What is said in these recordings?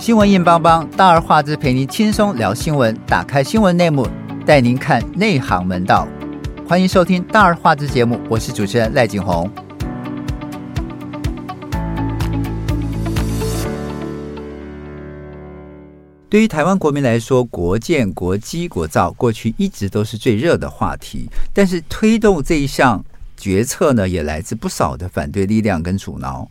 新聞硬邦邦，大而化之，陪您輕鬆聊新聞。打開新聞內幕，帶您看內行門道。歡迎收聽大而化之節目，我是主持人賴景宏。對於台灣國民來說，國艦、國機、國造，過去一直都是最熱的話題。但是推動這一項決策呢，也來自不少的反對力量跟阻撓，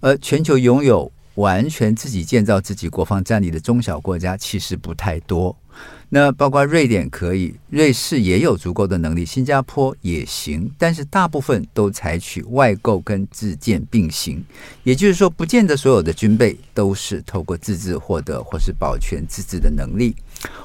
而全球擁有。完全自己建造自己國防戰力的中小國家其實不太多，那包括瑞典可以，瑞士也有足夠的能力，新加坡也行，但是大部分都採取外購跟自建並行，也就是說，不見得所有的軍備都是透過自製獲得或是保全自製的能力。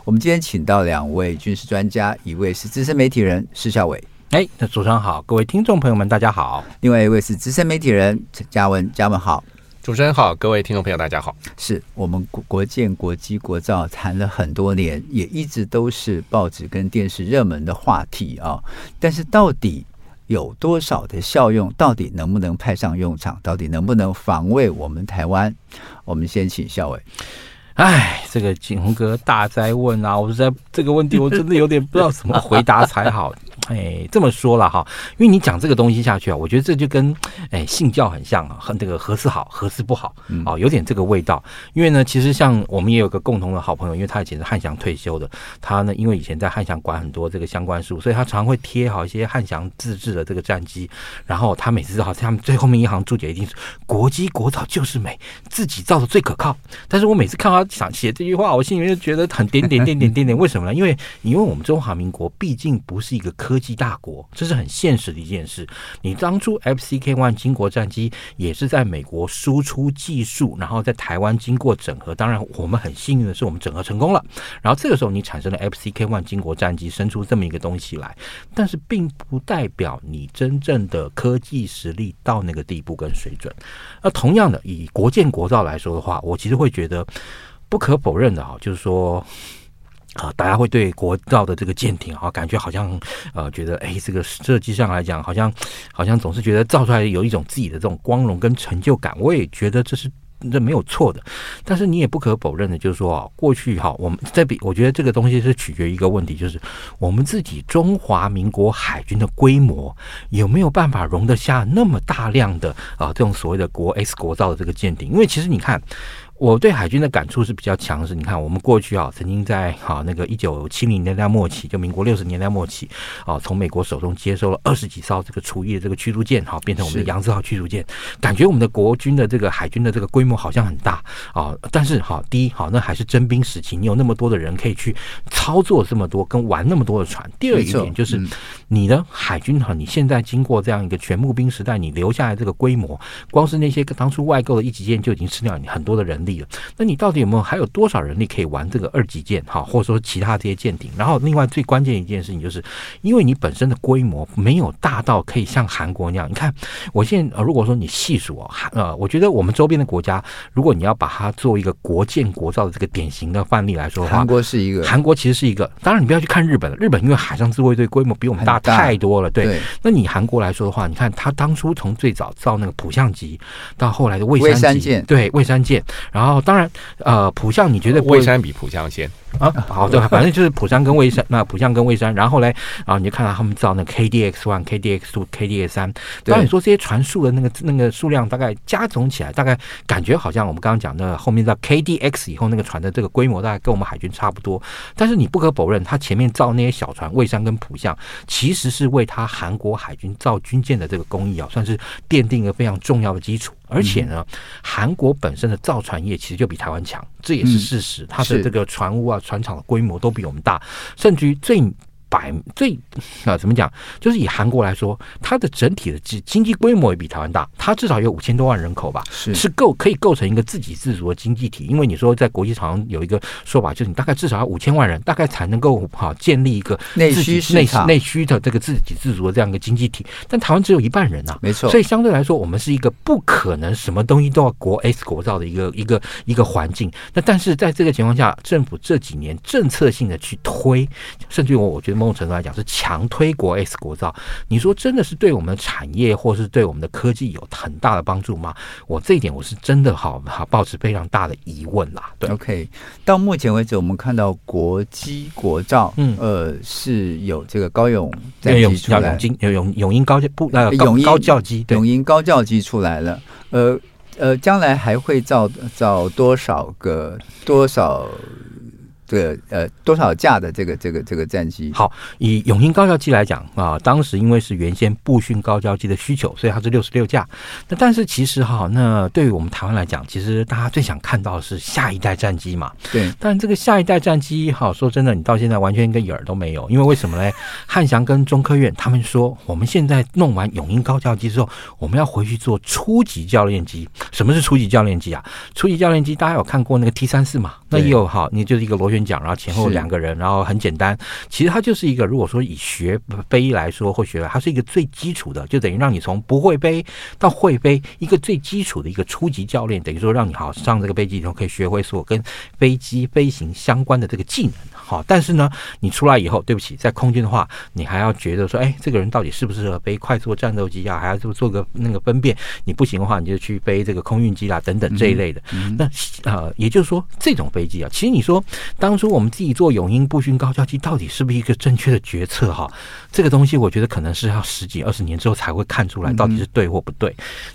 我們今天請到兩位軍事專家，一位是資深媒體人施孝瑋，哎，那主持人好，各位聽眾朋友們大家好；另外一位是資深媒體人陳嘉文，嘉文好。主持人好，各位聽眾朋友，大家好。是我們國、國艦、國機、國造談了很多年，也一直都是報紙跟電視熱門的話題啊、哦。但是到底有多少的效用？到底能不能派上用場？到底能不能防衛我們台灣？我們先請校委。哎，這個景洪哥大哉問啊，我在這個問題我真的有點不知道怎麼回答才好。 哎，這麼說了哈，因為你講這個東西下去啊，我覺得這就跟哎信教很像啊，很這個何時好何時不好，哦，有點這個味道。因為呢，其實像我們也有個共同的好朋友，因為他以前是漢翔退休的，他呢，因為以前在漢翔管很多這個相關事務，所以他常常會貼好一些漢翔自製的這個戰機。然後他每次好像他們最後面一行注解一定是“國機國造就是美，自己造的最可靠”。但是我每次看到他想寫這句話，我心裡面就覺得很點點點點點點。為什麼呢？因為你因為我們中華民國畢竟不是一個科。科技大國，這是很現實的一件事。你當初 FCK One 經國戰機也是在美國輸出技術，然後在台灣經過整合。當然，我們很幸運的是，我們整合成功了。然後這個時候，你產生了 FCK One 經國戰機生出這麼一個東西來，但是並不代表你真正的科技實力到那個地步跟水準。那同樣的，以國艦國造來說的話，我其實會覺得不可否認的啊，就是說。啊、呃，大家會對國造的這個艦艇啊，感覺好像呃，覺得哎，這個設計上來講，好像好像總是覺得造出來有一種自己的這種光榮跟成就感。我也覺得這是這沒有錯的，但是你也不可否認的就是說啊，過去哈、啊，我們在比，我覺得這個東西是取決於一個問題，就是我們自己中華民國海軍的規模有沒有辦法容得下那麼大量的啊這種所謂的國艦國造的這個艦艇？因為其實你看。我對海軍的感觸是比較強，是，你看我們過去啊，曾經在好、啊、那個一九七零年代末期，就民國六十年代末期，啊，從美國手中接收了二十幾艘這個除役的這個驅逐艦，哈、啊，變成我們的陽字號驅逐艦。是感覺我們的國軍的這個海軍的這個規模好像很大，啊，但是哈、啊，第一，好、啊，那還是徵兵時期，你有那麼多的人可以去操作這麼多跟玩那麼多的船。第二一點就是你的海軍哈、啊，你現在經過這樣一個全募兵時代，你留下來這個規模，光是那些當初外購的一級艦就已經吃掉你很多的人力了，那你到底有沒有還有多少人力可以玩這個二級艦哈，或者說其他這些艦艇？然後另外最關鍵一件事情就是，因為你本身的規模沒有大到可以像韓國那樣。你看，我現在、呃、如果說你細數啊，呃，我覺得我們周邊的國家，如果你要把它作為一個國艦國造的這個典型的範例來說的話，韓國是一個，韓國其實是一個。當然，你不要去看日本了，日本因為海上自衛隊規模比我們大，大太多了。對，對那你韓國來說的話，你看他當初從最早造那個浦項級，到後來的蔚山級，蔚山艦，對，蔚山艦。然後，當然，呃，浦項，你覺得？蔚山比浦項先。啊，好，對，反正就是浦山跟蔚山，那浦項跟蔚山，然後呢，啊，你就看到他們造那 KDX one、KDX two、KDX 三。當然，你說這些船數的那個那個數量，大概加總起來，大概感覺好像我們剛剛講的後面到 KDX 以後那個船的這個規模，大概跟我們海軍差不多。但是你不可否認，它前面造那些小船，蔚山跟浦項其實是為它韓國海軍造軍艦的這個工藝啊、哦，算是奠定了非常重要的基礎。而且呢，嗯、韓國本身的造船業其實就比台灣強，這也是事實。嗯、它的這個船塢啊。船廠的規模都比我們大，甚至於最。百最啊，怎麼講？就是以韓國來說，它的整體的經經濟規模也比台灣大，它至少有五千多萬人口吧，是是構可以構成一個自給自足的經濟體。因為你說在國際上有一個說法，就是你大概至少要五千萬人，大概才能夠好建立一個內需內內需的這個自給自足的這樣一個經濟體。但台灣只有一半人啊，沒錯。所以相對來說，我們是一個不可能什麼東西都要國 S 國造的一個一個一個環境。那但是在這個情況下，政府這幾年政策性的去推，甚至於我我覺得。某種程度來講，是強推國 S 國造。你說真的是對我們的產業，或是對我們的科技有很大的幫助嗎？我這一點我是真的好好抱持非常大的疑問啦。對，OK，到目前為止，我們看到國機國造，嗯，呃，是有這個高勇在，出來，永金、嗯、有永勇鷹高教不那個勇鷹高教機，勇鷹高教機出來了。呃呃，將來還會造造多少個多少？這個呃多少架的這個這個這個戰機？好，以勇鷹高教機來講啊，當時因為是原先步訓高教機的需求，所以它是六十六架。那但是其實哈、啊，那對於我們台灣來講，其實大家最想看到的是下一代戰機嘛。對。但這個下一代戰機哈、啊，說真的，你到現在完全一個影兒都沒有。因為為什麼呢？ 漢翔跟中科院他們說，我們現在弄完勇鷹高教機之後，我們要回去做初級教練機。什麼是初級教練機啊？初級教練機大家有看過那個 T 三四嘛？那也有哈對，你就是一個螺旋。宣講，然後前後兩個人，是然後很簡單。其實它就是一個，如果說以學飛來說，或學它是一個最基礎的，就等於讓你從不會飛到會飛一個最基礎的一個初級教練，等於說讓你好上這個飛機以後可以學會所有跟飛機飛行相關的這個技能。好，但是呢，你出來以後，對不起，在空軍的話，你還要覺得說，哎，這個人到底適不適合飛快速戰鬥機啊？還要做做個那個分辨。你不行的話，你就去飛這個空運機啦、啊、等等這一類的。嗯嗯、那啊、呃，也就是說，這種飛機啊，其實你說。當初我們自己做勇鷹不遜高教機，到底是不是一個正確的決策啊？哈，這個東西我覺得可能是要十幾二十年之後才會看出來，到底是對或不對。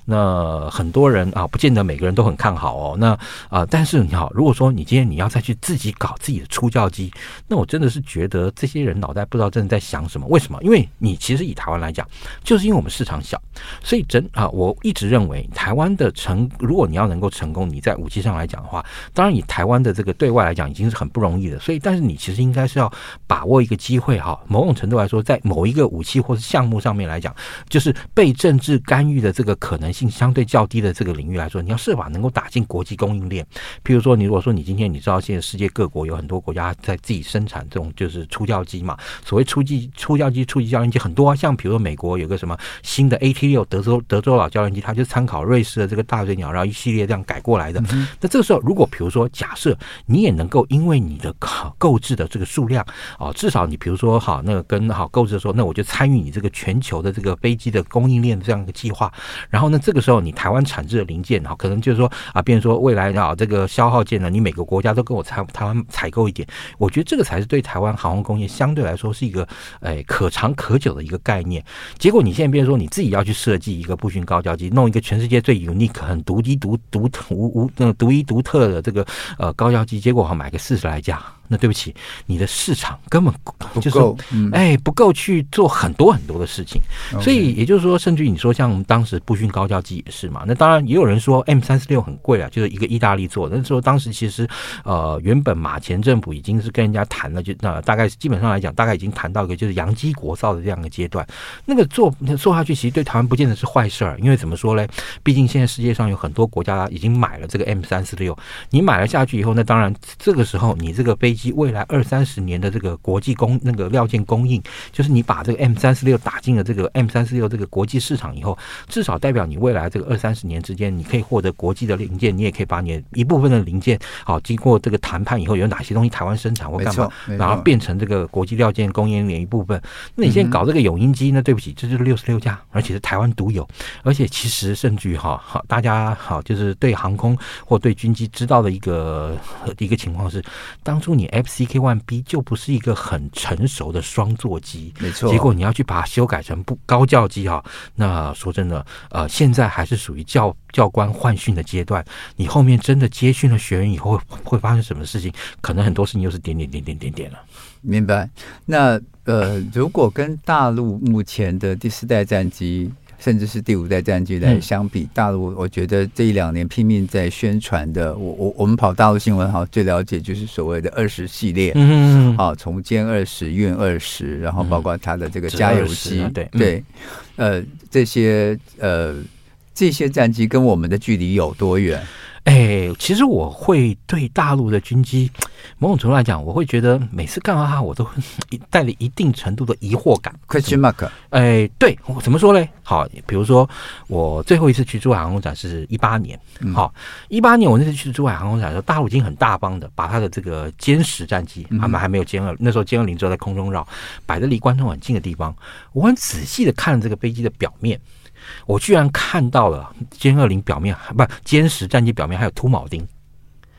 那很多人啊，不見得每個人都很看好哦。那啊，但是你好，如果說你今天你要再去自己搞自己的初教機，那我真的是覺得這些人腦袋不知道真的在想什麼。為什麼？因為你其實以台灣來講，就是因為我們市場小，所以整啊，我一直認為台灣的成，如果你要能夠成功，你在武器上來講的話，當然以台灣的這個對外來講，已經是很不容易的，所以但是你其實應該是要把握一個機會哈。某種程度來說，在某一個武器或是項目上面來講，就是被政治干預的這個可能性相對較低的這個領域來說，你要設法能夠打進國際供應鏈。譬如說，你如果說你今天你知道現在世界各國有很多國家在自己生產這種就是初教機嘛，所謂初級初教機、初級教練機很多啊。像比如說美國有個什麼新的 AT 六德州德州老教練機，它就參考瑞士的這個大嘴鳥，然後一系列這樣改過來的。那這個時候，如果比如說假設你也能夠因為你。你的購購置的這個數量啊、哦，至少你比如說哈，那個跟好購置的時候，那我就參與你這個全球的這個飛機的供應鏈的這樣一個計劃。然後呢，這個時候你台灣產製的零件啊，可能就是說啊，變成說未來啊，這個消耗件呢，你每個國家都跟我台台灣採購一點。我覺得這個才是對台灣航空工業相對來說是一個、哎、可長可久的一個概念。結果你現在變成說你自己要去設計一個不遜高教機，弄一個全世界最 unique、很獨、那個，一獨獨特無無那獨一獨特的這個呃高教機，結果好買個四十來。回家。那對不起，你的市場根本、就是、不夠，嗯、哎，不夠去做很多很多的事情。Okay. 所以也就是說，甚至於你說像我們當時步軍高教機也是嘛。那當然也有人說 M346 很貴了、啊，就是一個意大利做的。那時候當時其實呃，原本馬前政府已經是跟人家談了，就那、呃、大概基本上來講，大概已經談到一個就是洋機國造的這樣一個階段。那個做那做下去，其實對台灣不見得是壞事兒，因為怎麼說呢，畢竟現在世界上有很多國家、啊、已經買了這個 M346，你買了下去以後，那當然這個時候你這個飛機。及未來二三十年的這個國際供，那個料件供應，就是你把這個 M 三四六打進了這個 M 三四六這個國際市場以後，至少代表你未來這個二三十年之間，你可以獲得國際的零件，你也可以把你一部分的零件，好、啊、經過這個談判以後，有哪些東西台灣生產或幹嘛，然後變成這個國際料件供應鏈一部分。那你現在搞這個勇鷹機呢，那對不起，這就是六十六架，而且是台灣獨有，而且其實甚至於哈好、啊，大家好、啊、就是對航空或對軍機知道的一個一個情況是，當初你。FCK-1B 就不是一個很成熟的雙座機，沒錯。結果你要去把它修改成不高教機哦，那說真的，呃，現在還是屬於教教官換訓的階段。你後面真的接訓了學員以後會，會發生什麼事情？可能很多事情又是點點點點點點了。明白？那呃，如果跟大陸目前的第四代戰機，甚至是第五代戰機來相比，嗯、大陸我覺得這一兩年拼命在宣傳的，我我我們跑大陸新聞哈，最了解就是所謂的二十系列，嗯,嗯,嗯，好、哦，從殲二十、運二十，然後包括它的這個加油機、嗯嗯啊，對、嗯、對，呃，這些呃這些戰機跟我們的距離有多遠？哎、欸，其實我會對大陸的軍機，某種程度來講，我會覺得每次看到它，我都帶了一定程度的疑惑感。Question Mark？哎，對，我怎麼說嘞？好，比如說我最後一次去珠海航空展是一八年，嗯、好，一八年我那次去珠海航空展的時候，大陸已經很大方的把他的這個殲十戰機，他們還沒有殲二，那時候殲二零就在空中繞，擺在離觀眾很近的地方，我很仔細的看了這個飛機的表面。我居然看到了殲二零表面，不，殲十戰機表面還有凸鉚釘，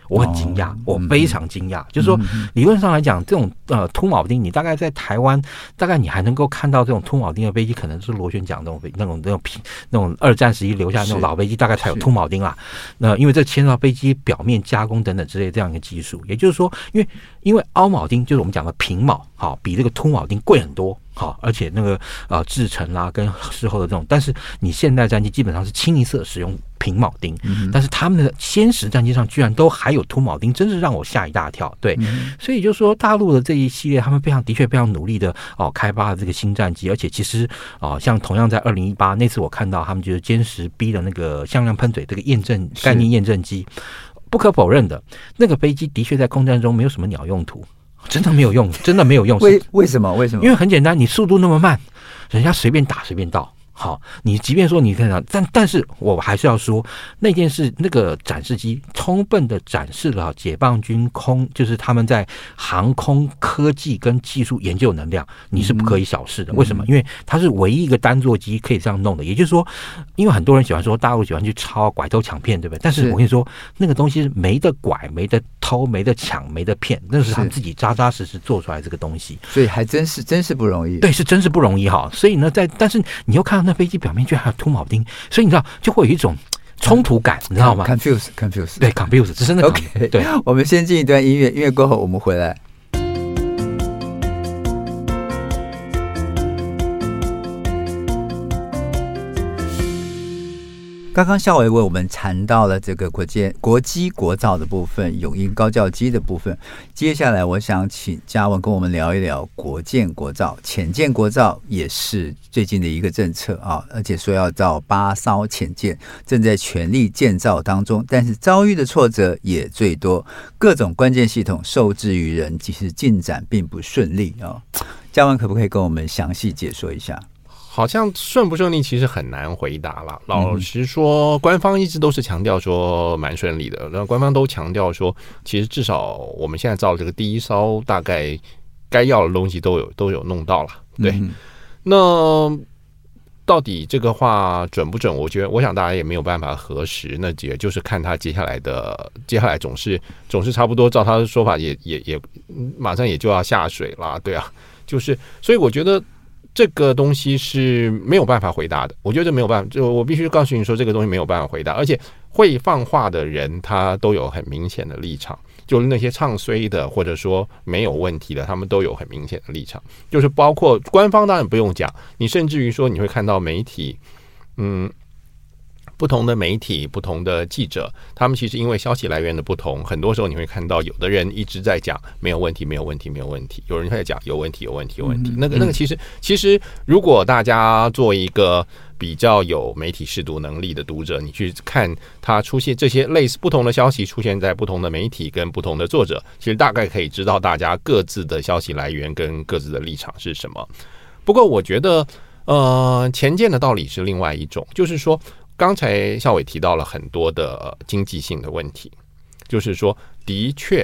我很驚訝，哦、我非常驚訝。嗯、哼就是說，理論上來講，這種呃凸鉚釘，你大概在台灣，嗯、哼大概你還能夠看到這種凸鉚釘的飛機，可能是螺旋槳那種飛那種那種平那種二戰時期留下那種老飛機，是大概才有凸鉚釘啦。是那因為這牽涉到飛機表面加工等等之類的這樣一個技術，也就是說因，因為因為凹鉚釘就是我們講的平鉚，好、哦、比這個凸鉚釘貴很多。好，而且那個、呃、程啊，製程啦跟事後的這種，但是你現代戰機基本上是清一色使用平鉚釘，嗯、哼但是他們的殲十戰機上居然都還有凸鉚釘，真是讓我嚇一大跳。對，嗯、哼所以就說大陸的這一系列，他們非常的確非常努力的哦、呃，開發了這個新戰機，而且其實啊、呃，像同樣在二零一八那次，我看到他們就是殲十 B 的那個向量噴嘴這個驗證概念驗證機，是不可否認的，那個飛機的確在空戰中沒有什麼鳥用途。真的沒有用，真的沒有用。為為什麼？為什麼？因為很簡單，你速度那麼慢，人家隨便打，隨便倒。好，你即便說你看到，但但是我還是要說，那件事那個展示機充分的展示了解放軍空，就是他們在航空科技跟技術研究能量，你是不可以小視的。嗯，為什麼？因為它是唯一一個單座機可以這樣弄的。也就是說，因為很多人喜歡說大陸喜歡去抄、拐、偷、搶、騙，對不對？但是我跟你說，是那個東西是沒得拐、沒得偷、沒得搶、沒得騙，那是他們自己扎扎實實做出來這個東西。所以還真是真是不容易。對，是真是不容易哈。所以呢，在但是你又看到那個。飛機表面居然還有禿鉚釘，所以你知道就會有一種衝突感，嗯、你知道嗎？confuse confuse 對，confused，是真的。對，我們先進一段音樂，音樂過後我們回來。剛剛校委為我們談到了這個國艦、國機、國造的部分，永英高教機的部分。接下來，我想請嘉文跟我們聊一聊國艦、國造、潛艦、國造也是最近的一個政策啊，而且說要造八艘潛艦，正在全力建造當中，但是遭遇的挫折也最多，各種關鍵系統受制於人，其實進展並不順利啊。嘉文可不可以跟我們詳細解說一下？好像順不順利，其實很難回答了。老實說，官方一直都是強調說蠻順利的，那官方都強調說，其實至少我們現在造這個第一艘，大概該要的東西都有，都有弄到了。對，那到底這個話準不準？我覺得，我想大家也沒有辦法核實。那也就是看他接下來的，接下來總是總是差不多，照他的說法，也也也馬上也就要下水了。對啊，就是，所以我覺得。這個東西是沒有辦法回答的，我覺得這沒有辦法，就我必須告訴你說，這個東西沒有辦法回答。而且會放話的人，他都有很明顯的立場，就是那些唱衰的，或者說沒有問題的，他們都有很明顯的立場。就是包括官方，當然不用講，你甚至於說你會看到媒體，嗯。不同的媒體、不同的記者，他們其實因為消息來源的不同，很多時候你會看到有的人一直在講沒有問題、沒有問題、沒有問題，有人在講有問題、有問題、有問題。嗯、那個、那個，其實、嗯、其實，如果大家做一個比較有媒體識讀能力的讀者，你去看他出現這些類似不同的消息出現在不同的媒體跟不同的作者，其實大概可以知道大家各自的消息來源跟各自的立場是什麼。不過，我覺得，呃，前見的道理是另外一種，就是說。剛才夏偉提到了很多的經濟性的問題，就是說，的確，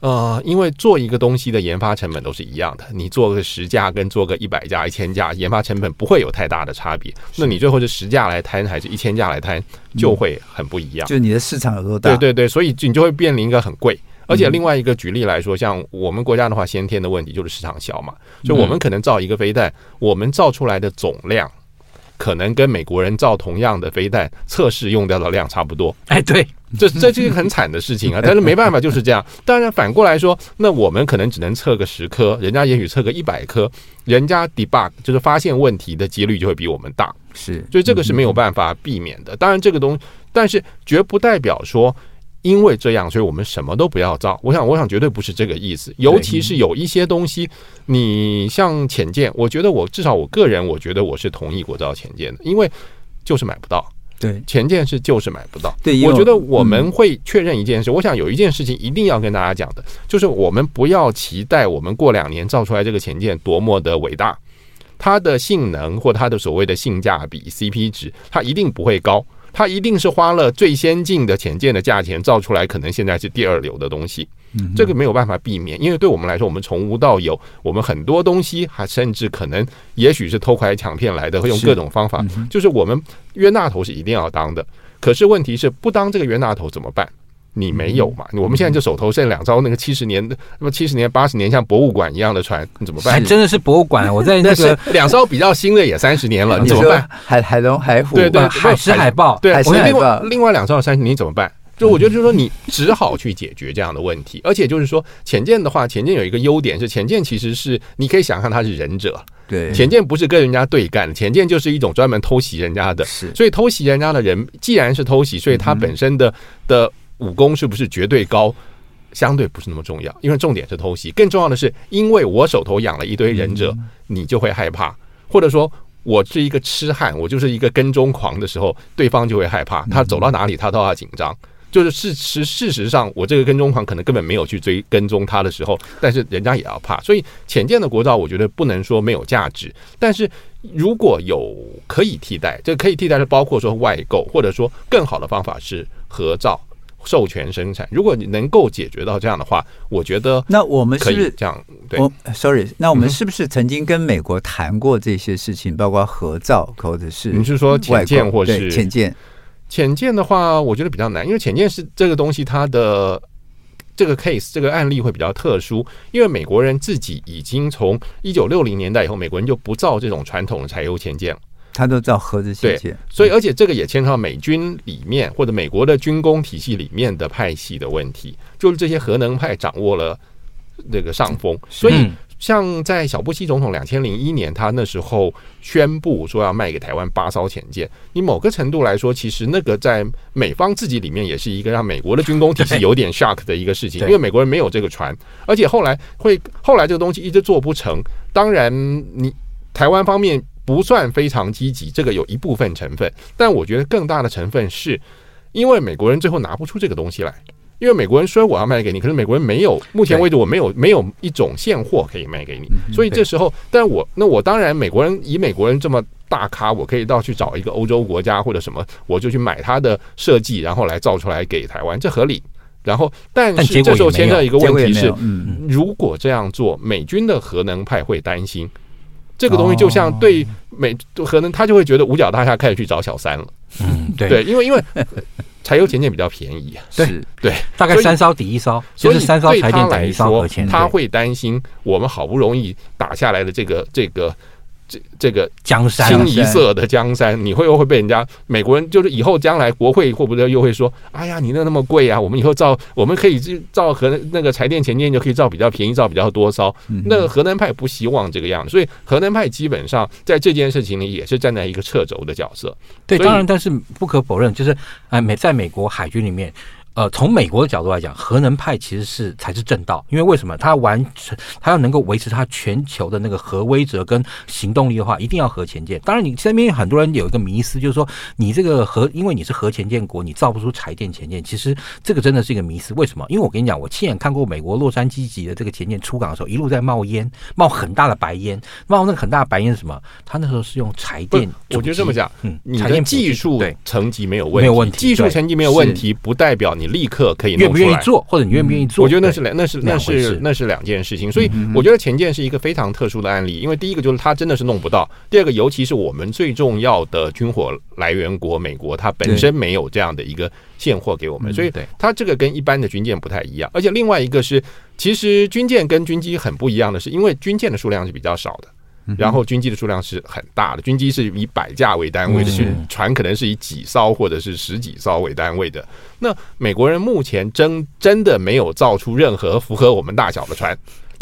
呃，因為做一個東西的研發成本都是一樣的，你做個十架跟做個一百架、一千架，研發成本不會有太大的差別。是那你最後是十架來攤還是一千架來攤，就會很不一樣。嗯、就你的市場有多大？對對對，所以就你就會面臨一個很貴。而且另外一個舉例來說，像我們國家的話，先天的問題就是市場小嘛，就我們可能造一個飛彈，我們造出來的總量。可能跟美國人造同樣的飛彈測試用掉的量差不多，哎，對，這這是一個很慘的事情啊！但是沒辦法，就是這樣。當然反過來說，那我們可能只能測個十顆，人家也許測個一百顆，人家 debug 就是發現問題的幾率就會比我們大，是，所以這個是沒有辦法避免的。當然這個東，但是絕不代表說。因為這樣，所以我們什麼都不要造。我想，我想絕對不是這個意思。尤其是有一些東西，你像潛艦，我覺得我至少我個人，我覺得我是同意國造潛艦的，因為就是買不到。對，潛艦是就是買不到。對，我覺得我們會確認一件事。我想有一件事情一定要跟大家講的，就是我們不要期待我們過兩年造出來這個潛艦多麼的偉大，它的性能或它的所謂的性價比 CP 值，它一定不會高。他一定是花了最先進的潛艦的價錢造出來，可能現在是第二流的東西，嗯、哼這個沒有辦法避免。因為對我們來說，我們從無到有，我們很多東西還甚至可能也許是偷拐搶騙來的，會用各種方法。是嗯、就是我們冤大頭是一定要當的，可是問題是不當這個冤大頭怎麼辦？你沒有嘛？我們現在就手頭剩兩艘那個七十年的，那麼七十年、八十年像博物館一樣的船，你怎麼辦？還真的是博物館。我在那個兩艘比較新的也三十年了，你怎麼辦？海海龍、海虎、對對，對，對海獅、海豹，對。我另外另外兩艘三十年，你怎麼辦？就我覺得就是說，你只好去解決這樣的問題。而且就是說，潛艦的話，潛艦有一個優點是，潛艦其實是你可以想象它是忍者。對，潛艦不是跟人家對幹，潛艦就是一種專門偷襲人家的。是，所以偷襲人家的人，既然是偷襲，所以它本身的的。嗯武功是不是絕對高，相對不是那麼重要，因為重點是偷襲。更重要的是，因為我手頭養了一堆忍者，你就會害怕；或者說，我是一個痴漢，我就是一個跟蹤狂的時候，對方就會害怕。他走到哪裡，他都要緊張。就是事實，事實上，我這個跟蹤狂可能根本沒有去追跟蹤他的時候，但是人家也要怕。所以潛艦的國造，我覺得不能說沒有價值，但是如果有可以替代，這個可以替代的，包括說外購，或者說更好的方法是合造。授權生產，如果你能夠解決到這樣的話，我覺得那我們是,是這樣。對我 sorry，那我們是不是曾經跟美國談過這些事情，包括合造或者是你是說潛艦或是潛艦？潛艦的話，我覺得比較難，因為潛艦是這個東西，它的這個 case 這個案例會比較特殊，因為美國人自己已經從一九六零年代以後，美國人就不造這種傳統的柴油潛艦了。他都叫核子潛艇，所以而且這個也牽扯到美軍裡面或者美國的軍工體系裡面的派系的問題，就是這些核能派掌握了那個上風。所以像在小布希總統二千零一年，他那時候宣布說要賣給台灣八艘潛艦。你某個程度來說，其實那個在美方自己裡面也是一個讓美國的軍工體系有點 shock 的一個事情，因為美國人沒有這個船，而且後來會後來這個東西一直做不成。當然，你台灣方面，不算非常積極，這個有一部分成分，但我覺得更大的成分是，因為美國人最後拿不出這個東西來，因為美國人說我要賣給你，可是美國人沒有，目前為止我沒有沒有一種現貨可以賣給你，對所以這時候，但我那我當然美國人以美國人這麼大咖，我可以到去找一個歐洲國家或者什麼，我就去買他的設計，然後來造出來給台灣，這合理。然後，但是這時候牽涉到一個問題是果果、嗯、如果這樣做，美軍的核能派會擔心。這個東西就像對美可能他就會覺得五角大廈開始去找小三了，嗯，對，對，因為因為柴油錢錢比較便宜，對 是對，大概三艘抵一艘是，所以對他來說，他會擔心我們好不容易打下來的這個這個。這這個江山，清一色的江山，你會不會被人家美國人，就是以後將來國會會不會又會說，哎呀，你那那麼貴啊，我們以後造，我們可以造核那個柴電潛艦就可以造比較便宜，造比較多艘。那個核能派不希望這個樣子，所以核能派基本上在這件事情裡也是站在一個掣肘的角色。對，當然，但是不可否認，就是啊，美在美國海軍裡面。呃，從美國的角度來講，核能派其實是才是正道，因為為什麼？它完成，它要能夠維持它全球的那個核威懾跟行動力的話，一定要核潛艦。當然你，你身邊有很多人有一個迷思，就是說你這個核，因為你是核潛艦國，你造不出柴電潛艦。其實這個真的是一個迷思。為什麼？因為我跟你講，我親眼看過美國洛杉磯級的這個潛艇出港的時候，一路在冒煙，冒煙，冒很大的白煙，冒那個很大的白煙是什麼？它那時候是用柴電。我就這麼講，嗯、柴你的技術對，成績沒有問題，沒有問題，技術成績沒有問題，不代表你。你立刻可以願不願意做?或者你願不願意做？我覺得那是兩那是那是那是兩件事情。所以我覺得潛艦是一個非常特殊的案例，因為第一個就是它真的是弄不到，第二個尤其是我們最重要的軍火來源國美國，它本身沒有這樣的一個現貨給我們，所以對它這個跟一般的軍艦不太一樣。而且另外一個是，其實軍艦跟軍機很不一樣的是，因為軍艦的數量是比較少的。然後軍機的數量是很大的，軍機是以百架為單位的，是船可能是以幾艘或者是十幾艘為單位的。那美國人目前真真的沒有造出任何符合我們大小的船。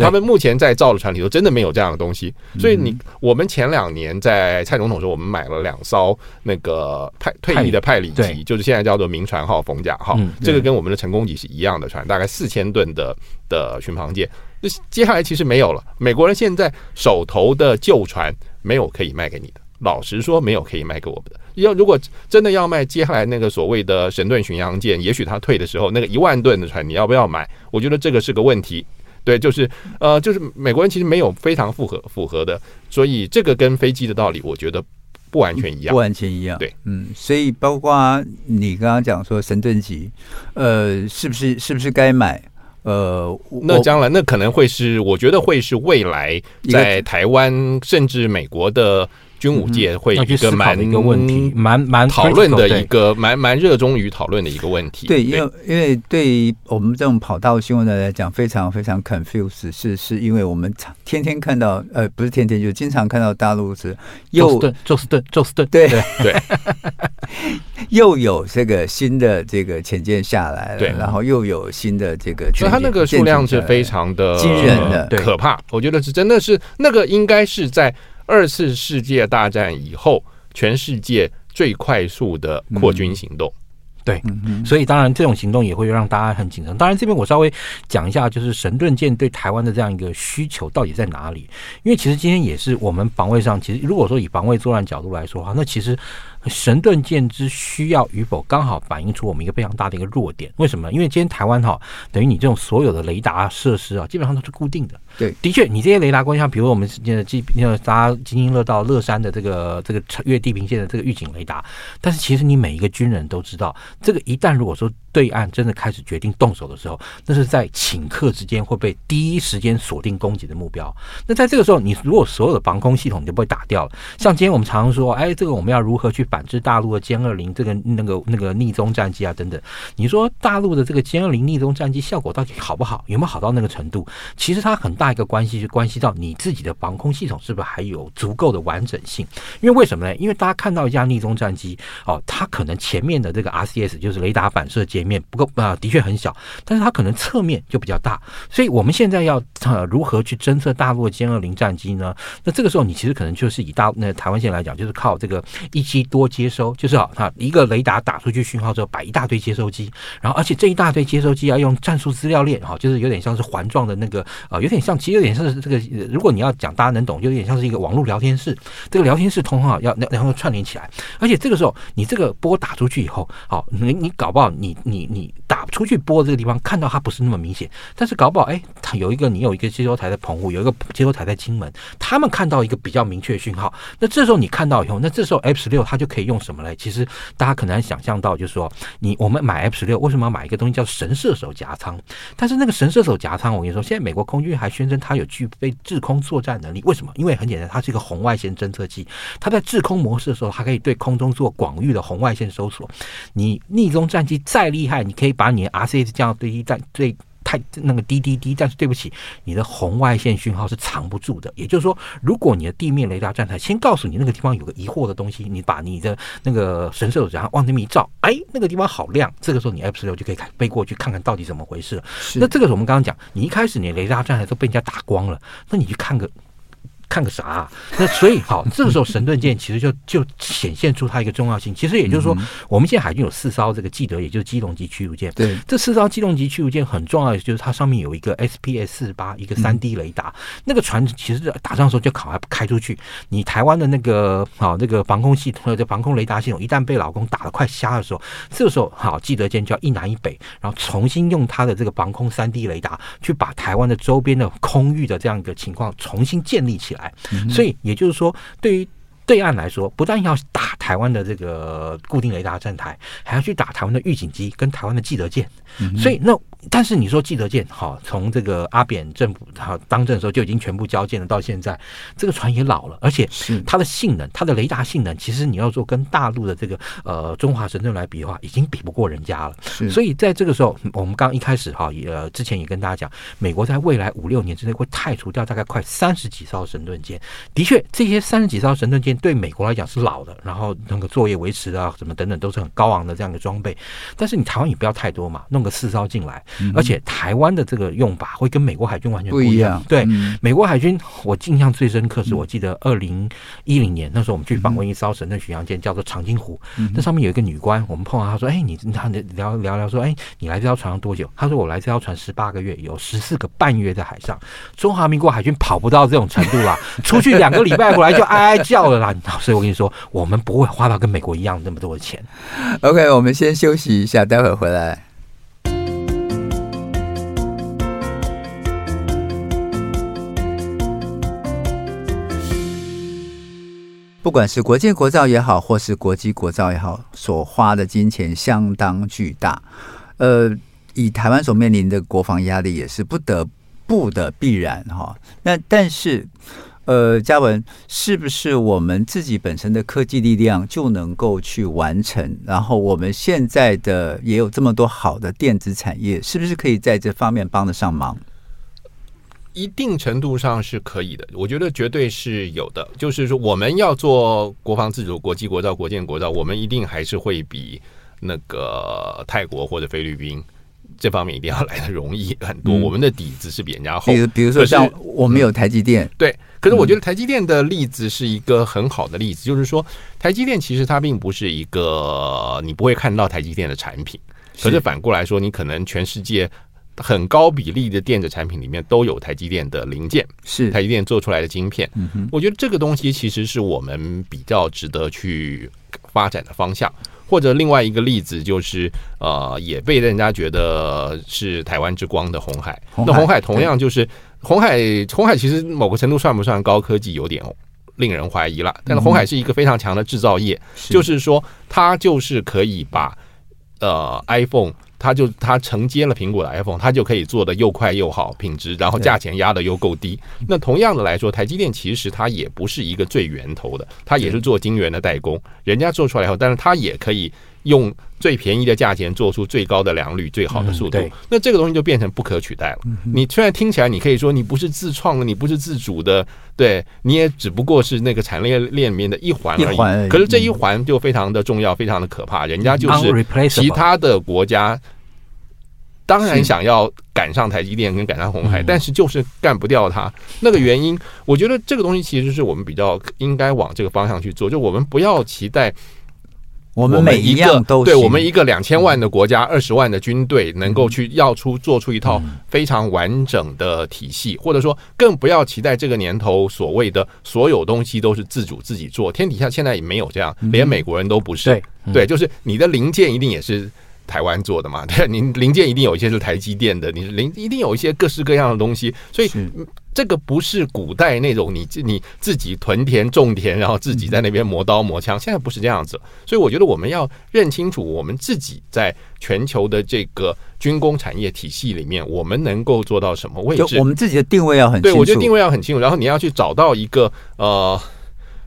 他們目前在造的船裡頭真的沒有這樣的東西，所以你我們前兩年在蔡總統說我們買了兩艘那個派退役的派裡級，就是現在叫做“銘傳號”逢甲號。這個跟我們的成功級是一樣的船，大概四千噸的的巡防艦。那接下來其實沒有了，美國人現在手頭的舊船沒有可以賣給你的。老實說，沒有可以賣給我們的。要如果真的要賣，接下來那個所謂的神盾巡洋艦，也許他退的時候那個一萬噸的船，你要不要買？我覺得這個是個問題。對，就是呃，就是美國人其實沒有非常符合符合的，所以這個跟飛機的道理，我覺得不完全一樣。不完全一樣。對，嗯，所以包括你剛剛講說神盾級，呃，是不是是不是該買？呃，那將來那可能會是，我覺得會是未來在台灣甚至美國的，軍武界會一個蠻、嗯、的一個問題，蠻蠻討論的一個，蠻蠻熱衷於討論的一個問題。對，對因為因為對於我們這種跑道新聞的來講，非常非常 confused，是是因為我們天天看到，呃，不是天天，就是、經常看到大陸是又，又宙斯盾，宙斯盾對對，對 又有這個新的這個潛艦下來了，對然後又有新的這個，所以它那個數量是非常的驚人的，對可怕。我覺得是真的是那個應該是在。二次世界大戰以後，全世界最快速的擴軍行動。嗯。對，所以當然這種行動也會讓大家很緊張。當然，這邊我稍微講一下，就是神盾艦對台灣的這樣一個需求到底在哪裡？因為其實今天也是我們防衛上，其實如果說以防衛作戰角度來說話，那其實。神盾艦之需要與否，剛好反映出我們一個非常大的一個弱點。為什麼？因為今天台灣哈、啊，等於你這種所有的雷達設施啊，基本上都是固定的。對，的確，你這些雷達，像比如我們今今大家津津樂道樂山的這個這個越地平線的這個預警雷達，但是其實你每一個軍人都知道，這個一旦如果說。對岸真的開始決定動手的時候，那是在頃刻之間會被第一時間鎖定攻擊的目標。那在這個時候，你如果所有的防空系統你就被打掉了。像今天我們常常說，哎，這個我們要如何去反制大陸的殲二零這個那個那個匿蹤戰機啊等等。你說大陸的這個殲二零匿蹤戰機效果到底好不好？有沒有好到那個程度？其實它很大一個關係是關係到你自己的防空系統是不是還有足夠的完整性。因為為什麼呢？因為大家看到一架匿蹤戰機哦，它可能前面的這個 RCS 就是雷達反射截面。面不夠啊、呃，的確很小，但是它可能側面就比較大，所以我們現在要呃如何去偵測大陸殲二零戰機呢？那這個時候你其實可能就是以大那個，台灣線來講，就是靠這個一機多接收，就是啊，一個雷達打出去訊號之後，擺一大堆接收機，然後而且這一大堆接收機要用戰術資料鏈哈、啊，就是有點像是環狀的那個啊，有點像其實有點像是這個，如果你要講大家能懂，就有點像是一個網絡聊天室，這個聊天室通話要然後串聯起來，而且這個時候你這個波打出去以後，好、啊，你你搞不好你。你你打出去播這個地方，看到它，不是那麼明顯，但是搞不好哎，欸、它有一個你有一個接收台在澎湖，有一個接收台在金門，他們看到一個比較明確的訊號。那這時候你看到以後，那這時候 F 十六它就可以用什麼嘞？其實大家可能想象到，就是說你我們買 F 十六為什麼要買一個東西叫神射手夾艙？但是那個神射手夾艙，我跟你說，現在美國空軍還宣稱它有具備制空作戰能力。為什麼？因為很簡單，它是一個紅外線偵測器，它在制空模式的時候，它可以對空中做廣域的紅外線搜索。你逆空戰機再。厲害！你可以把你的 RCS 降到最低，但最太那個滴滴滴，但是對不起，你的紅外線訊號是藏不住的。也就是說，如果你的地面雷達站台先告訴你那個地方有個疑惑的東西，你把你的那個神射手然後往那邊一照，哎，那個地方好亮，這個時候你 F 十六就可以開飛過去看看到底怎麼回事了。是 那這個是我們剛剛講，你一開始你雷達站台都被人家打光了，那你去看個。看個啥、啊？那所以好，這個時候神盾艦其實就就顯現出它一個重要性。其實也就是說，我們現在海軍有四艘這個基德，記得也就是基隆級驅逐艦。對，這四艘基隆級驅逐艦很重要的就是它上面有一個 SPS 四八一個三 D 雷達。嗯、那個船其實打仗的時候就靠它開出去。你台灣的那個好那個防空系統，這防空雷達系統一旦被老公打得快瞎的時候，這個時候好，基德艦就要一南一北，然後重新用它的這個防空三 D 雷達去把台灣的周邊的空域的這樣一個情況重新建立起來。所以，也就是說，對於對岸來說，不但要打台灣的這個固定雷達站台，還要去打台灣的預警機跟台灣的紀德艦，所以那。但是你說紀德艦哈，從這個阿扁政府他當政的時候就已經全部交艦了，到現在這個船也老了，而且它的性能，它的雷達性能，其實你要說跟大陸的這個呃中華神盾來比的話，已經比不過人家了。是所以在這個時候，我們剛一開始哈，也、呃、之前也跟大家講，美國在未來五六年之內會汰除掉大概快三十幾艘神盾艦。的確，這些三十幾艘神盾艦對美國來講是老的，然後那個作業維持的啊，什麼等等都是很高昂的這樣一個裝備。但是你台灣也不要太多嘛，弄個四艘進來，而且台灣的這個用法會跟美國海軍完全不一樣。一樣對，嗯、美國海軍我印象最深刻是我記得二零一零年那時候我們去訪問一艘神盾巡洋艦，叫做長津湖，嗯、那上面有一個女官，我們碰到她說：“哎、欸，你你聊聊聊聊說，哎、欸，你來這條船上多久？”她說：“我來這條船十八個月，有十四個半月在海上。”中華民國海軍跑不到這種程度啦， 出去兩個禮拜回來就哀哀叫了啦。所以我跟你說，我們不會花到跟美國一樣那麼多的錢。OK，我們先休息一下，待會兒回來。不管是國艦國造也好，或是國機國造也好，所花的金錢相當巨大。呃，以台灣所面臨的國防壓力，也是不得不的必然哈。那但是，呃，嘉文，是不是我們自己本身的科技力量就能夠去完成？然後我們現在的也有這麼多好的電子產業，是不是可以在這方面幫得上忙？一定程度上是可以的，我覺得絕對是有的。就是說，我們要做國防自主、國機國造、國艦國造，我們一定還是會比那個泰國或者菲律賓這方面一定要來得容易很多。嗯、我們的底子是比人家好，比如，比如說，像是我們有台積電，嗯、對。可是，我覺得台積電的例子是一個很好的例子，嗯、就是說，台積電其實它並不是一個你不會看到台積電的產品，可是反過來說，你可能全世界。很高比例的電子產品裡面都有台積電的零件，是台積電做出來的晶片。我覺得這個東西其實是我們比較值得去發展的方向。或者另外一個例子就是，呃，也被人家覺得是台灣之光的鴻海。那鴻海同樣就是鴻海，鴻海其實某個程度算不算高科技有點令人懷疑了。但是鴻海是一個非常強的製造業，就是說它就是可以把呃 iPhone。它就它承接了蘋果的 iPhone，它就可以做得又快又好，品質，然後價錢壓得又夠低。那同樣的來說，台積電其實它也不是一個最源頭的，它也是做晶圓的代工，人家做出來以後，但是它也可以。用最便宜的價錢做出最高的良率，最好的速度，嗯、那這個東西就變成不可取代了。嗯、哼你雖然聽起來，你可以說你不是自創的，你不是自主的，對，你也只不過是那個產業鏈裡面的一環而已。一環可是這一環就非常的重要，嗯、非常的可怕。人家就是其他的國家，當然想要趕上台積電跟趕上鴻海是但是就是幹不掉它。嗯、那個原因，我覺得這個東西其實是我們比較應該往這個方向去做，就我們不要期待。我們每一樣都，對我們一個兩千萬的國家，二十、嗯、萬的軍隊，能夠去要出做出一套非常完整的體系，嗯、或者說，更不要期待這個年頭所謂的所有東西都是自主自己做，天底下現在也沒有這樣，連美國人都不是。嗯、對,對，就是你的零件一定也是台灣做的嘛？對，你零件一定有一些是台積電的，你零一定有一些各式各樣的東西，所以。這個不是古代那種你自你自己屯田種田，然後自己在那邊磨刀磨槍。現在不是這樣子，所以我覺得我們要認清楚我們自己在全球的這個軍工產業體系裡面，我們能夠做到什麼位置？就我們自己的定位要很清楚。對，我覺得定位要很清楚，然後你要去找到一個呃，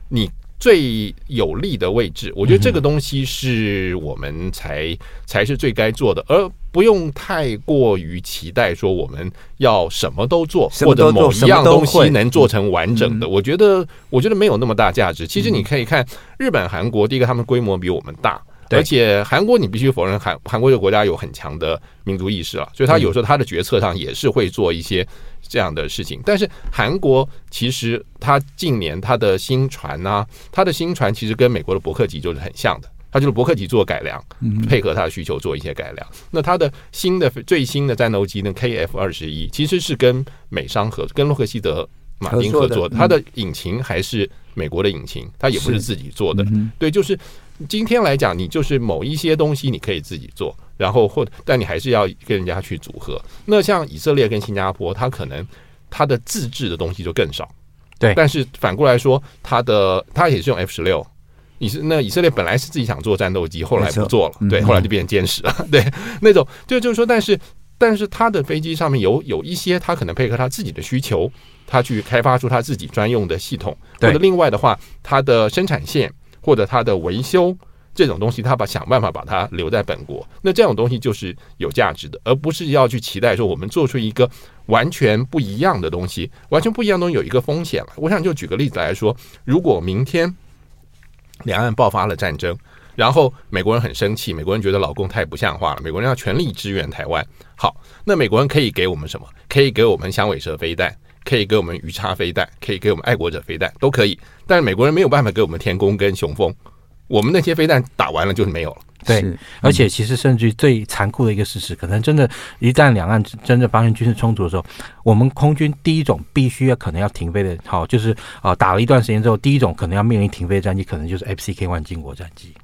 你最有利的位置。我覺得這個東西是我們才才是最該做的，而。不用太過於期待說我們要什麼都做，或者某一樣東西能做成完整的。我覺得，我覺得沒有那麼大價值。其實你可以看日本、韓國，第一個他們規模比我們大，而且韓國你必須否認韓韓國這個國家有很強的民族意識啊。所以他有時候他的決策上也是會做一些這樣的事情。但是韓國其實他近年他的新船啊，他的新船其實跟美國的伯克級就是很像的。它就是伯克級做改良，配合它的需求做一些改良。嗯、哼那它的新的最新的戰鬥機呢 KF 二十一，e, 其實是跟美商合作，跟洛克希德馬丁合作的，它的,、嗯、的引擎還是美國的引擎，它也不是自己做的。嗯、對，就是今天來講，你就是某一些東西你可以自己做，然後或但你還是要跟人家去組合。那像以色列跟新加坡，它可能它的自制的東西就更少。對，但是反過來說，它的它也是用 F 十六。你是那以色列本來是自己想做戰鬥機，後來不做了，嗯嗯對，後來就變成殲十了，對，那種就就是說，但是但是他的飛機上面有有一些，他可能配合他自己的需求，他去開發出他自己專用的系統，或者另外的話，他的生產線或者他的維修這種東西，他把想辦法把它留在本國。那這種東西就是有價值的，而不是要去期待說我們做出一個完全不一樣的東西，完全不一樣的東西有一個風險了。我想就舉個例子來說，如果明天。兩岸爆發了戰爭，然後美國人很生氣，美國人覺得老共太不像話了，美國人要全力支援台灣。好，那美國人可以給我們什麼？可以給我們響尾蛇飛彈，可以給我們魚叉飛彈，可以給我們愛國者飛彈，都可以。但是美國人沒有辦法給我們天弓跟雄風，我們那些飛彈打完了就是沒有了。對，嗯、而且其實甚至於最殘酷的一個事實，可能真的，一旦兩岸真正發生軍事衝突的時候，我們空軍第一種必須要可能要停飛的，好，就是啊、呃，打了一段時間之後，第一種可能要面臨停飛的戰機，可能就是 F C K one 經國戰機。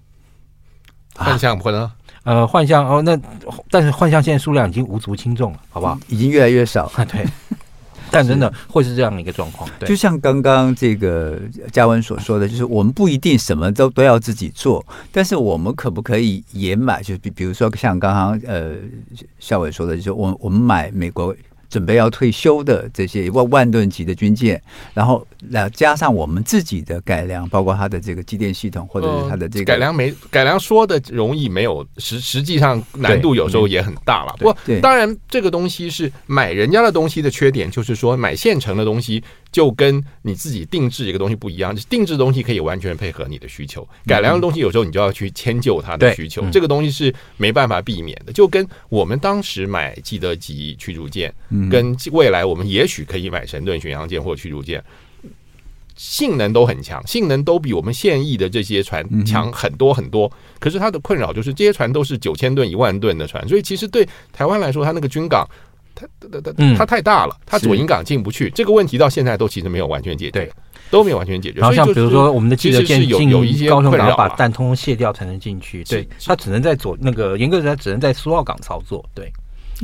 啊、幻象不可能、啊，呃，幻象哦，那但是幻象現在數量已經無足輕重了，好不好？嗯、已經越來越少， 對。 但真的會是這樣的一個狀況，就像剛剛這個嘉文所說的，就是我們不一定什麼都都要自己做，但是我們可不可以也買？就是比比如說像剛剛呃孝偉說的，就是我我們買美國，準備要退休的這些萬萬噸級的軍艦，然後來加上我們自己的改良，包括它的這個機電系統，或者是它的這個、嗯、改良沒改良說的容易，沒有實實際上難度有時候也很大了。對不過對當然，這個東西是買人家的東西的缺點，就是說買現成的東西。就跟你自己定製一個東西不一樣，就是、定製東西可以完全配合你的需求，改良的東西有時候你就要去遷就它的需求，嗯、這個東西是沒辦法避免的。就跟我們當時買基德級驅逐艦，嗯、跟未來我們也許可以買神盾巡洋艦或驅逐艦，性能都很強，性能都比我們現役的這些船強很多很多。可是它的困擾就是這些船都是九千噸、一萬噸的船，所以其實對台灣來說，它那個軍港。它他他太大了，它左營港進不去，這個問題到現在都其實沒有完全解決，都沒有完全解決。然後像比如說我們的建設是有一些高層，然後把彈通通卸掉才能進去，對，它只能在左那個，嚴格說它只能在蘇澳港操作，對，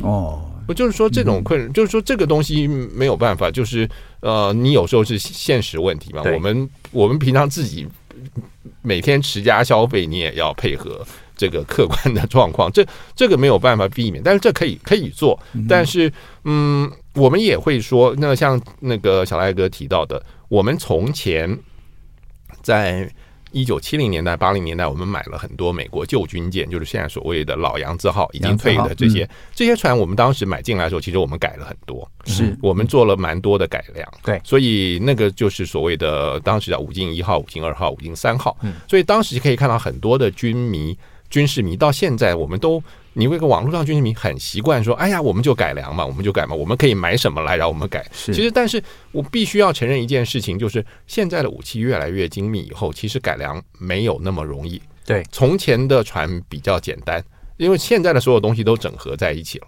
哦，不就是說這種困難，就是說這個東西沒有辦法，就是呃，你有時候是現實問題嘛，我們我們平常自己每天持家消費，你也要配合。這個客觀的狀況，這這個沒有辦法避免，但是這可以可以做。嗯、哼但是，嗯，我們也會說，那像那個小賴哥提到的，我們從前在一九七零年代、八零年代，我們買了很多美國舊軍艦，就是現在所謂的老陽字號，已經退的這些、嗯、這些船，我們當時買進來的時候，其實我們改了很多，嗯嗯、是我們做了蠻多的改良。對、嗯，所以那個就是所謂的當時叫“武進一號”、“武進二號”、“武進三號”嗯。所以當時可以看到很多的軍迷。軍事迷到現在，我們都你為個網絡上軍事迷很習慣說：「哎呀，我們就改良嘛，我們就改嘛，我們可以買什麼來讓我們改。」其實，但是我必須要承認一件事情，就是現在的武器越來越精密以後，其實改良沒有那麼容易。對，從前的船比較簡單，因為現在的所有東西都整合在一起了。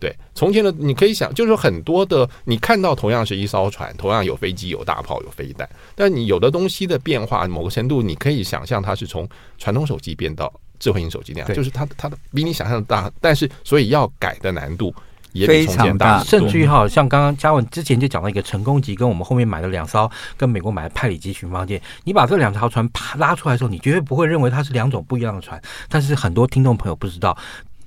對，從前的你可以想，就是很多的你看到同樣是一艘船，同樣有飛機、有大炮、有飛彈，但你有的東西的變化，某個程度你可以想象它是從傳統手機變到。智慧型手機那樣，對就是它的它的比你想象的大，但是所以要改的難度也非常大，甚至於哈，像剛剛嘉文之前就講到一個成功級，跟我們後面買的兩艘跟美國買的派里級巡防艦，你把這兩條船啪拉出來的時候，你絕對不會認為它是兩種不一樣的船。但是很多聽眾朋友不知道，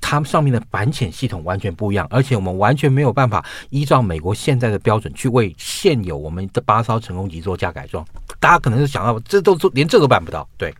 它上面的反潛系統完全不一樣，而且我們完全沒有辦法依照美國現在的標準去為現有我們的八艘成功級做加改裝。大家可能是想到這都做，連這都辦不到，對。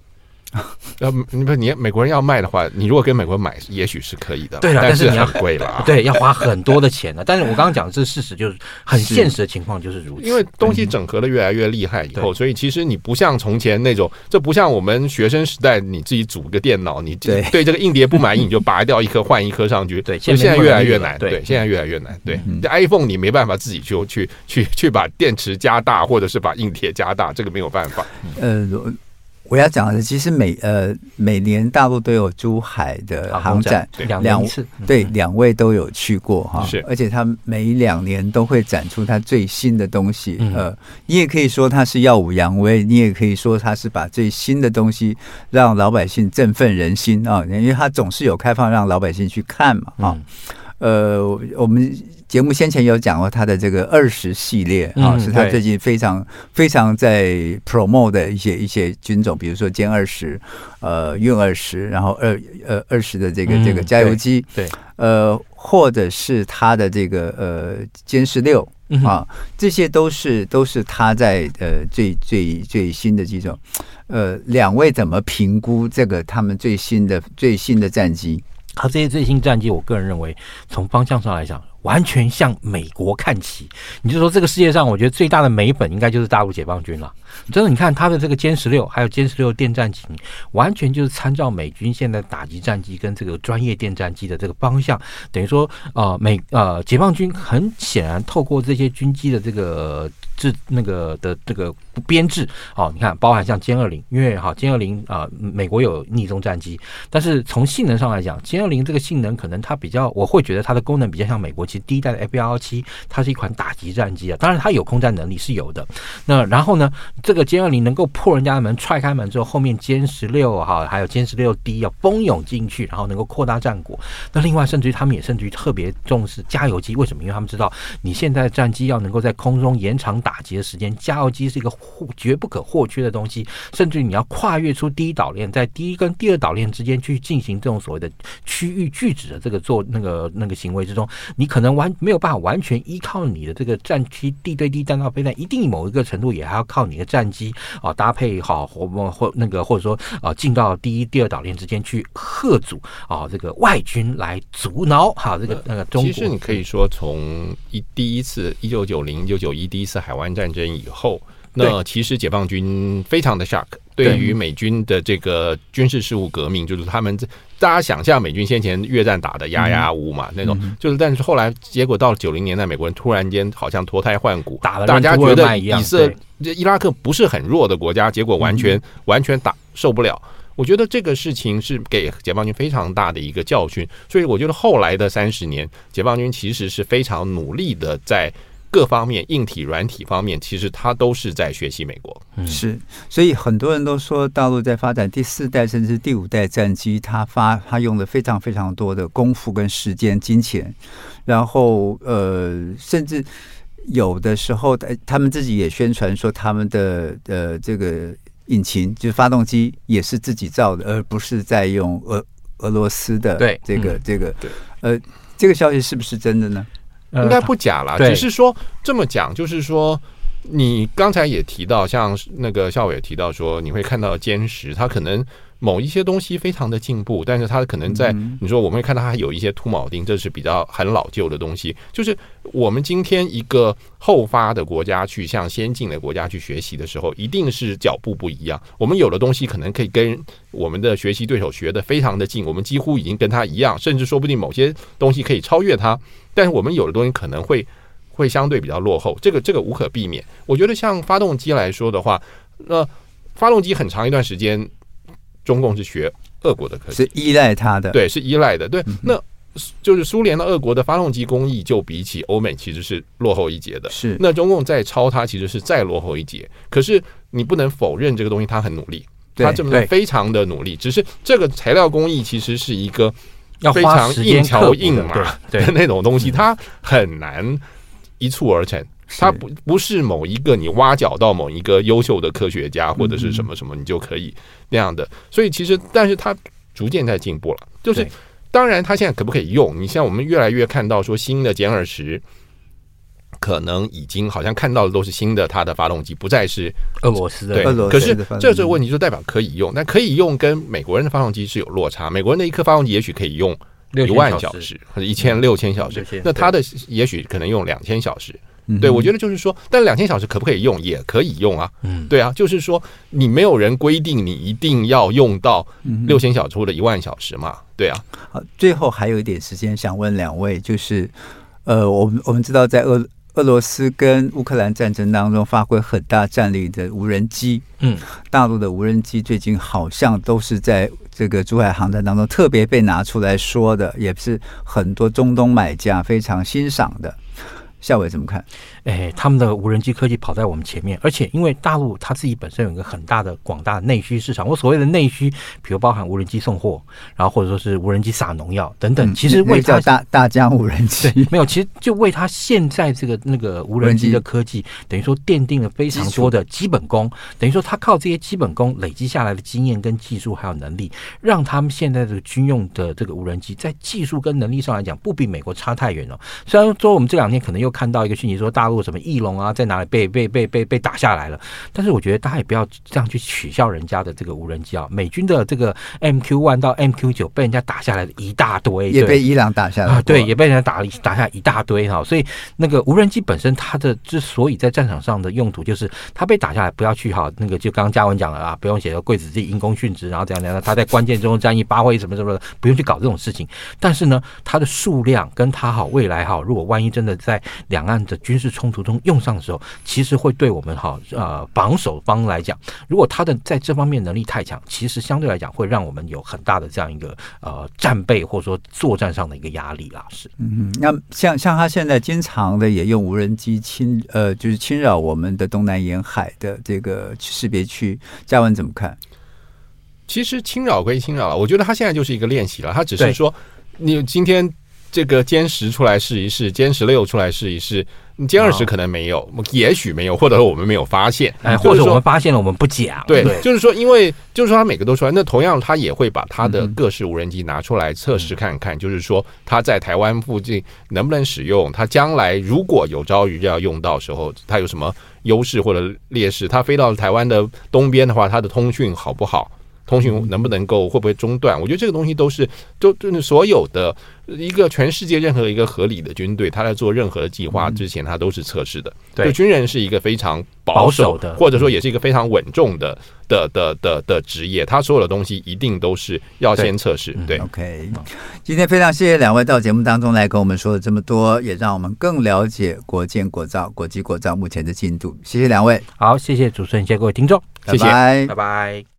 要你不，你美國人要賣的話，你如果給美國人買，也許是可以的。對啦，但是你很貴了、啊， 對，要花很多的錢的、啊。但是我剛剛講的是事實，就是很現實的情況就是如此。因為東西整合得越來越厲害以後，對所以其實你不像從前那種，這不像我們學生時代，你自己組一個電腦，你對這個硬碟不滿意，你就拔掉一顆換一顆上去。對，現在越來越難，對，現在越來越難。對，iPhone 你沒辦法自己去去去去把電池加大，或者是把硬碟加大，這個沒有辦法。嗯。呃我要講的是，其實每呃每年大陸都有珠海的航展，兩次對兩兩對位都有去過哈，嗯、而且他每兩年都會展出他最新的東西，是呃，你也可以說他是耀武揚威，你也可以說他是把最新的東西讓老百姓振奮人心啊、呃，因為他總是有開放讓老百姓去看嘛啊，呃我們。節目先前有講過他的這個二十系列啊，嗯、是他最近非常非常在 promote 的一些一些軍種，比如說殲二十、呃、呃運二十，然後二呃二十的這個這個加油機，嗯、對，呃，或者是他的這個呃殲十六啊，這些都是都是他在呃最最最新的幾種。呃，兩位怎麼評估這個他們最新的最新的戰機？他、啊、這些最新戰機，我個人認為從方向上來講。完全向美國看齊，你就說這個世界上，我覺得最大的美本應該就是大陸解放軍了。真的，你看它的這個殲十六，還有殲十六電戰機，完全就是參照美軍現在打擊戰機跟這個專業電戰機的這個方向。等於說，呃，美呃，解放軍很顯然透過這些軍機的這個制那個的這個編制，哦，你看，包含像殲二零，因為哈，殲二零啊，美國有匿蹤戰機，但是從性能上來講，殲二零這個性能可能它比較，我會覺得它的功能比較像美國其實第一代的 F 幺幺七，它是一款打擊戰機啊，當然它有空戰能力是有的。那然後呢？這個殲二零能夠破人家的門，踹開門之後，後面殲十六哈，16, 還有殲十六 D 要蜂擁進去，然後能夠擴大戰果。那另外，甚至於他們也甚至於特別重視加油機，為什麼？因為他們知道你現在的戰機要能夠在空中延長打擊的時間，加油機是一個絕不可或缺的東西。甚至於你要跨越出第一島鏈，在第一跟第二島鏈之間去進行這種所謂的區域拒止的這個做那個那個行為之中，你可能完沒有辦法完全依靠你的這個戰區地對地彈道飛彈，一定某一個程度也還要靠你的。戰機啊，搭配好或或那個，或者說啊，進到第一、第二島鏈之間去嚇阻啊，這個外軍來阻撓哈，這個那個中國。其實你可以說，從一第一次一九九零、一九九一第一次海灣戰爭以後，那其實解放軍非常的 shock，對於美軍的這個軍事事務革命，就是他們。這。大家想象美軍先前越戰打得壓壓無嘛，嗯、那種，就是，但是後來結果到了九零年代，美國人突然間好像脫胎換骨，打了，大家覺得以色這伊拉克不是很弱的國家，對結果完全完全打受不了。我覺得這個事情是給解放軍非常大的一個教訓，所以我覺得後來的三十年，解放軍其實是非常努力的在。各方面硬體、軟體方面，其實它都是在學習美國。嗯，是。所以很多人都說，大陸在發展第四代甚至第五代戰機，它發它用了非常非常多的功夫跟時間、金錢，然後呃，甚至有的時候，他們自己也宣傳說，他們的呃這個引擎就是發動機也是自己造的，而不是在用俄俄羅斯的。對，這個這個，呃，這個消息是不是真的呢？應該不假了，呃、只是說這麼講，就是說，你剛才也提到，像那個校委也提到說，你會看到殲十，他可能。某一些東西非常的進步，但是它可能在，嗯嗯，你說，我們會看到它有一些禿鉚釘，這是比較很老舊的東西。就是我們今天一個後發的國家去向先進的國家去學習的時候，一定是腳步不一樣。我們有的東西可能可以跟我們的學習對手學得非常的近，我們幾乎已經跟他一樣，甚至說不定某些東西可以超越它。但是我們有的東西可能會會相對比較落後，這個這個無可避免。我覺得像發動機來說的話，那、呃、發動機很長一段時間。中共是學俄國的科技，是依賴他的，是依賴的，對，嗯哼就是依賴的，對。那就是蘇聯的俄國的發動機工藝，就比起歐美其實是落後一截的。是那中共在抄它，其實是再落後一截。可是你不能否認這個東西，他很努力，他對這麼非常的努力。對只是這個材料工藝其實是一個非常硬橋硬馬的對 那種東西，它很難一蹴而成。它不，不是某一個你挖角到某一個優秀的科學家或者是什麼什麼你就可以那樣的，所以其實，但是它逐漸在進步了。就是當然，它現在可不可以用？你像我們越來越看到說，新的殲二十，20可能已經好像看到的都是新的它的發動機，不再是俄羅斯的。對，可是這這問題就代表可以用，那可以用跟美國人的發動機是有落差。美國人的一顆發動機也許可以用一萬小時或者一千六千小時，那它的也許可能用兩千小時。對，我覺得就是說，但兩千小時可不可以用，也可以用啊。嗯，對啊，就是說你沒有人規定你一定要用到六千小時或者一萬小時嘛？對啊。好，最後還有一點時間，想問兩位，就是呃，我們我們知道在俄俄羅斯跟烏克蘭戰爭當中發揮很大戰力的無人機，嗯，大陸的無人機最近好像都是在這個珠海航展當中特別被拿出來說的，也是很多中東買家非常欣賞的。下偉怎麼看？哎，他們的無人機科技跑在我們前面，而且因為大陸他自己本身有一個很大的廣大的內需市場。我所謂的內需，比如包含無人機送貨，然後或者說是無人機撒農藥等等。其實為他、嗯那個、叫大大疆無人機，沒有，其實就為他現在這個那個無人機的科技，等於說奠定了非常多的基本功。技術。等於說他靠這些基本功累積下來的經驗跟技術還有能力，讓他們現在的軍用的這個無人機，在技術跟能力上來講，不比美國差太遠了。雖然說我們這兩年可能又。看到一個訊息說，大陸什麼翼龍啊在哪裡被被被被被打下來了，但是我覺得大家也不要這樣去取笑人家的這個無人機啊，美軍的這個 MQ one 到 MQ 九被人家打下來的一大堆，也被伊朗打下來，哦、對，也被人家打，打了一、哦、打下一大堆哈、哦，所以那個無人機本身它的之所以在戰場上的用途就是它被打下來，不要去好、哦、那個就剛剛嘉文講了啊，不用寫說櫃子自己因公殉職，然後怎樣怎樣，他在關鍵中戰役發揮什麼什麼的，不用去搞這種事情，但是呢，它的數量跟它好未來哈，如果萬一真的在兩岸的軍事衝突中用上的時候，其實會對我們好。呃防守方來講，如果他的在這方面能力太強，其實相對來講會讓我們有很大的這樣一個呃戰備或者說作戰上的一個壓力啊。是嗯，那像像他現在經常的也用無人機侵呃就是侵擾我們的東南沿海的這個識別區，嘉文怎麼看？其實侵擾歸侵擾了，我覺得他現在就是一個練習了。他只是說對你今天。這個殲十出來試一試，殲十六出來試一試，殲二十可能沒有，哦、也許沒有，或者說我們沒有發現，哎，說或者我們發現了我們不講。對，對就，就是說，因為就是說，他每個都出來，那同樣他也會把他的各式無人機拿出來測試看看，嗯、就是說他在台灣附近能不能使用，他將來如果有朝一日要用到時候，他有什麼優勢或者劣勢，他飛到台灣的東邊的話，他的通訊好不好？通訊能不能夠，會不會中斷？我覺得這個東西都是就，就是所有的一個全世界任何一個合理的軍隊，他在做任何的計劃之前，他、嗯、都是測試的。對，軍人是一個非常保守、保守的，或者說也是一個非常穩重的、嗯、的的的的職業。他所有的東西一定都是要先測試。對、對、嗯、OK，今天非常謝謝兩位到節目當中來跟我們說了這麼多，也讓我們更了解國機國造、國艦國造目前的進度。謝謝兩位，好，謝謝主持人，謝謝各位聽眾，謝謝，拜拜。拜拜。